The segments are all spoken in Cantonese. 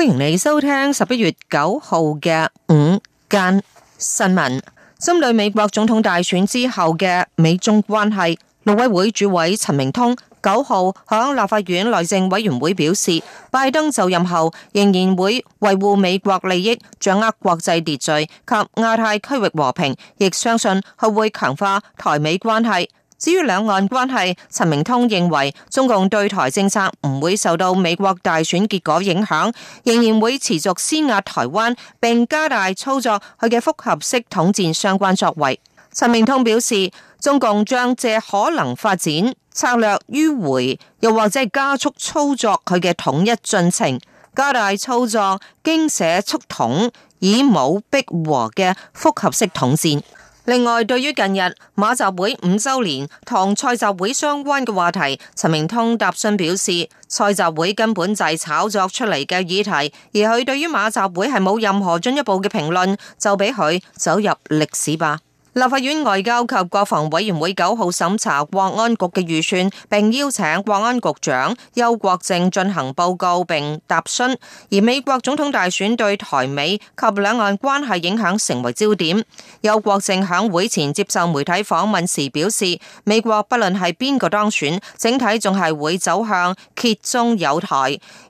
歡迎你收聽十一月九號嘅午間新聞。針對美國總統大選之後嘅美中關係，陸委會主委陳明通九號響立法院內政委員會表示，拜登就任後仍然會維護美國利益，掌握國際秩序及亞太區域和平，亦相信佢會強化台美關係。至於兩岸關係，陳明通認為中共對台政策唔會受到美國大選結果影響，仍然會持續施壓台灣，並加大操作佢嘅複合式統戰相關作為。陳明通表示，中共將借可能發展策略迂回，又或者加速操作佢嘅統一進程，加大操作經社促統，以武逼和嘅複合式統戰。另外，對於近日馬習會五周年同蔡習會相關嘅話題，陳明通答詢表示：蔡習會根本就係炒作出嚟嘅議題，而佢對於馬習會係冇任何進一步嘅評論，就俾佢走入歷史吧。立法院外交及國防委員會九號審查國安局嘅預算，並邀請國安局長邱國正進行報告並答詢。而美國總統大選對台美及兩岸關係影響成為焦點。邱國正響會前接受媒體訪問時表示，美國不論係邊個當選，整體仲係會走向揭中友台，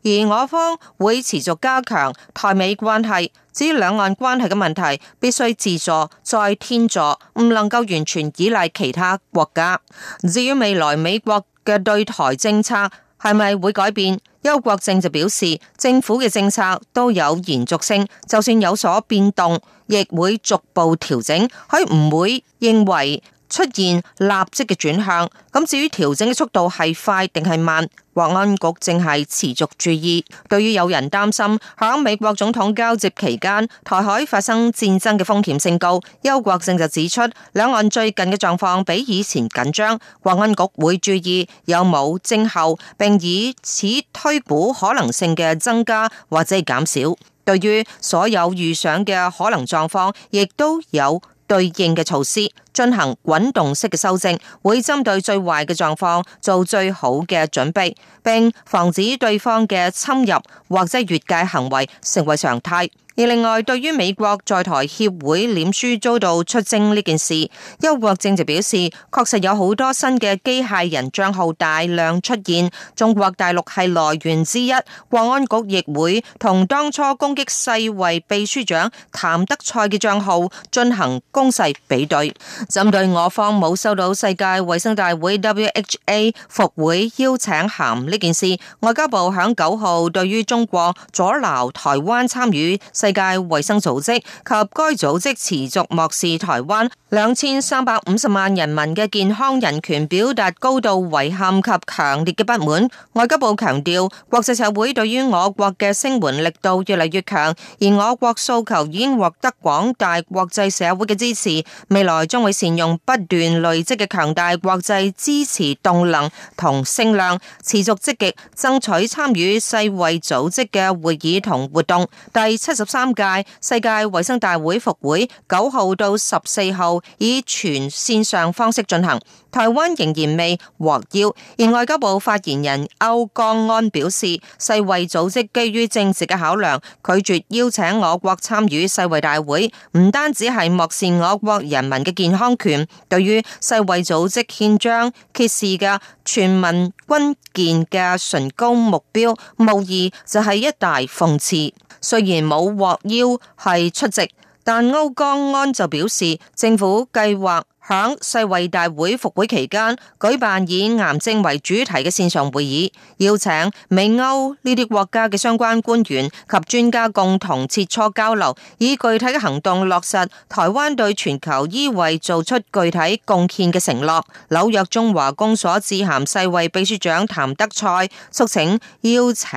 而我方會持續加強台美關係。至於兩岸關係嘅問題，必須自助再天助，唔能夠完全依賴其他國家。至於未來美國嘅對台政策係咪會改變，邱國正就表示，政府嘅政策都有延續性，就算有所變動，亦會逐步調整，佢唔會認為。出現立即嘅轉向，咁至於調整嘅速度係快定係慢，國安局正係持續注意。對於有人擔心響美國總統交接期間台海發生戰爭嘅風險性高，邱國正就指出，兩岸最近嘅狀況比以前緊張，國安局會注意有冇症候，並以此推估可能性嘅增加或者係減少。對於所有遇上嘅可能狀況，亦都有。對應嘅措施，進行滾動式嘅修正，會針對最壞嘅狀況做最好嘅準備，並防止對方嘅侵入或者越界行為成為常態。而另外，對於美國在台協會臉書遭到出征呢件事，邱國正就表示，確實有好多新嘅機械人帳號大量出現，中國大陸係來源之一。國安局亦會同當初攻擊世衞秘書長譚德塞嘅帳號進行攻勢比對。針對我方冇收到世界衞生大會 （WHA） 復會邀請函呢件事，外交部響九號對於中國阻撓台灣參與世世界衛生組織及該組織持續漠視台灣兩千三百五十萬人民嘅健康人權，表達高度遺憾及強烈嘅不滿。外交部強調，國際社會對於我國嘅聲援力度越嚟越強，而我國訴求已經獲得廣大國際社會嘅支持。未來將會善用不斷累積嘅強大國際支持動能同聲量，持續積極爭取參與世衛組織嘅會議同活動。第七十三。三屆世界衛生大會復會，九號到十四號以全線上方式進行。台灣仍然未獲邀，而外交部發言人歐江安表示，世衛組織基於政治嘅考量，拒絕邀請我國參與世衛大會，唔單止係漠視我國人民嘅健康權，對於世衛組織憲章揭示嘅全民均健嘅崇高目標，無疑就係一大諷刺。雖然冇獲邀係出席，但歐江安就表示，政府計劃響世衛大會復會期間舉辦以癌症為主題嘅線上會議，邀請美歐呢啲國家嘅相關官員及專家共同切磋交流，以具體嘅行動落實台灣對全球醫衛做出具體貢獻嘅承諾。紐約中華公所致函世衛秘書長譚德塞，促請邀請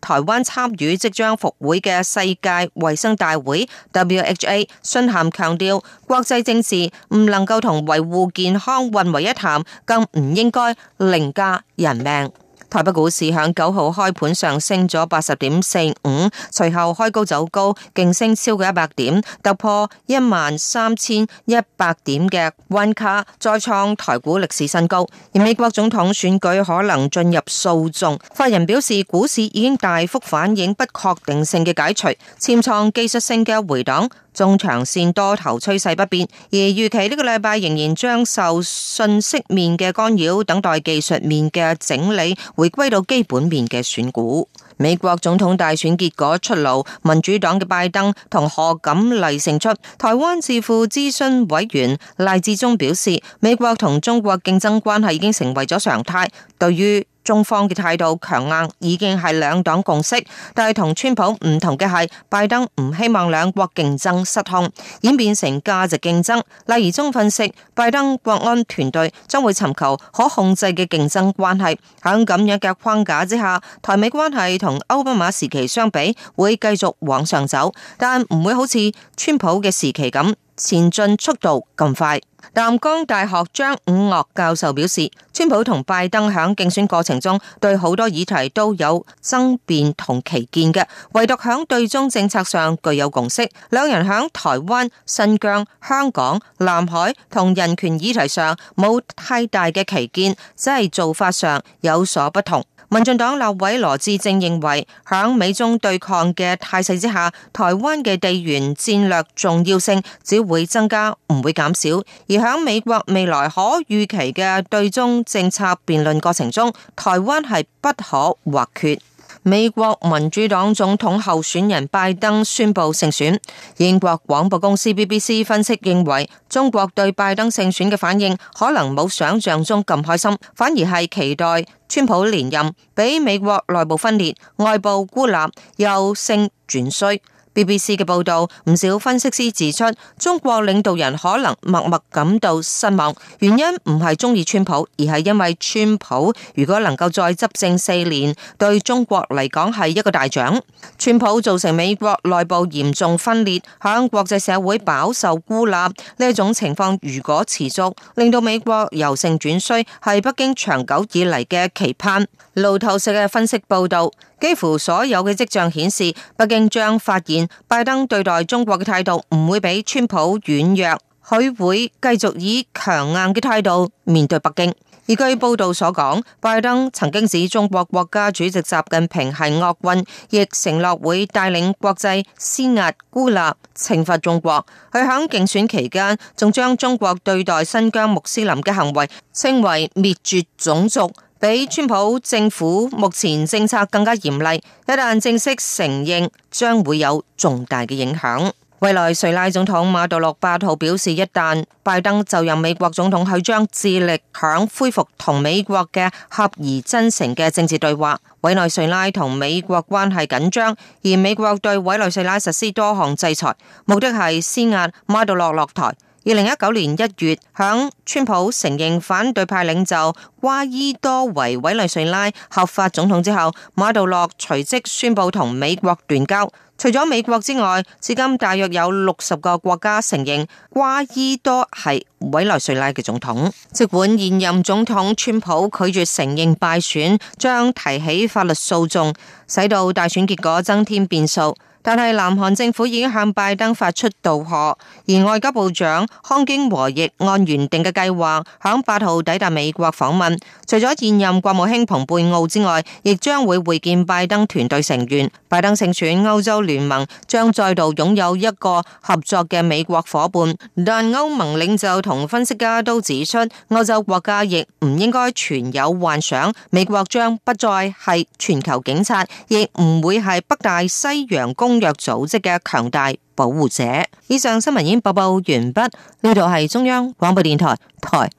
台灣參與即將復會嘅世界衛生大會 （WHA）。信函強調，國際政治唔能夠同。維護健康混為一談，更唔應該凌駕人命。台北股市響九號開盤上升咗八十點四五，隨後開高走高，勁升超過一百點，突破一萬三千一百點嘅關卡，再創台股歷史新高。而美國總統選舉可能進入訴訟，法人表示股市已經大幅反映不確定性嘅解除，潛藏技術性嘅回檔，中長線多頭趨勢不變，而預期呢個禮拜仍然將受信息面嘅干擾，等待技術面嘅整理。回歸到基本面嘅選股。美國總統大選結果出爐，民主黨嘅拜登同賀錦麗勝出。台灣智庫諮詢委員賴智忠表示，美國同中國競爭關係已經成為咗常態。對於中方嘅態度強硬，已經係兩黨共識。但係同川普唔同嘅係，拜登唔希望兩國競爭失控，演變成價值競爭。例如中分析，拜登國安團隊將會尋求可控制嘅競爭關係。喺咁樣嘅框架之下，台美關係同奧巴馬時期相比，會繼續往上走，但唔會好似川普嘅時期咁前進速度咁快，淡江大學張五岳教授表示，川普同拜登喺競選過程中對好多議題都有爭辯同歧見嘅，唯獨喺對中政策上具有共識。兩人喺台灣、新疆、香港、南海同人權議題上冇太大嘅歧見，只係做法上有所不同。民進黨立委羅志正認為，響美中對抗嘅態勢之下，台灣嘅地緣戰略重要性只會增加，唔會減少。而響美國未來可預期嘅對中政策辯論過程中，台灣係不可或缺。美國民主黨總統候選人拜登宣布勝選。英國廣播公司 BBC 分析認為，中國對拜登勝選嘅反應可能冇想象中咁開心，反而係期待。川普連任，畀美國內部分裂、外部孤立，由盛轉衰。BBC 嘅報道，唔少分析師指出，中國領導人可能默默感到失望，原因唔係中意川普，而係因為川普如果能夠再執政四年，對中國嚟講係一個大獎。川普造成美國內部嚴重分裂，響國際社會飽受孤立呢一種情況，如果持續，令到美國由盛轉衰，係北京長久以嚟嘅期盼。路透社嘅分析報道，幾乎所有嘅跡象顯示，北京將發現。拜登對待中國嘅態度唔會比川普軟弱，佢會繼續以強硬嘅態度面對北京。而據報道所講，拜登曾經指中國國家主席習近平係惡棍，亦承諾會帶領國際施壓、孤立、懲罰中國。佢響競選期間仲將中國對待新疆穆斯林嘅行為稱為滅絕種族。比川普政府目前政策更加嚴厲，一旦正式承認將會有重大嘅影響，委內瑞拉總統馬杜洛八號表示，一旦拜登就任美國總統佢將致力響恢復同美國嘅合而真誠嘅政治對話，委內瑞拉同美國關係緊張，而美國對委內瑞拉實施多項制裁，目的係施壓馬杜洛落台。二零一九年一月，響川普承認反對派領袖瓜伊多為委內瑞拉合法總統之後，馬杜洛隨即宣布同美國斷交。除咗美國之外，至今大約有六十個國家承認瓜伊多係委內瑞拉嘅總統，儘管現任總統川普拒絕承認敗選，將提起法律訴訟，使到大選結果增添變數。但係南韓政府已經向拜登發出道賀，而外交部長康京和亦按原定嘅計劃響八號抵達美國訪問。除咗現任國務卿蓬佩奧之外，亦將會會見拜登團隊成員。拜登勝選，歐洲聯盟將再度擁有一個合作嘅美國夥伴。但歐盟領袖同分析家都指出，歐洲國家亦唔應該存有幻想，美國將不再係全球警察，亦唔會係北大西洋公。藥組織嘅強大保護者。以上新聞已經播報完畢。呢度係中央廣播電台台。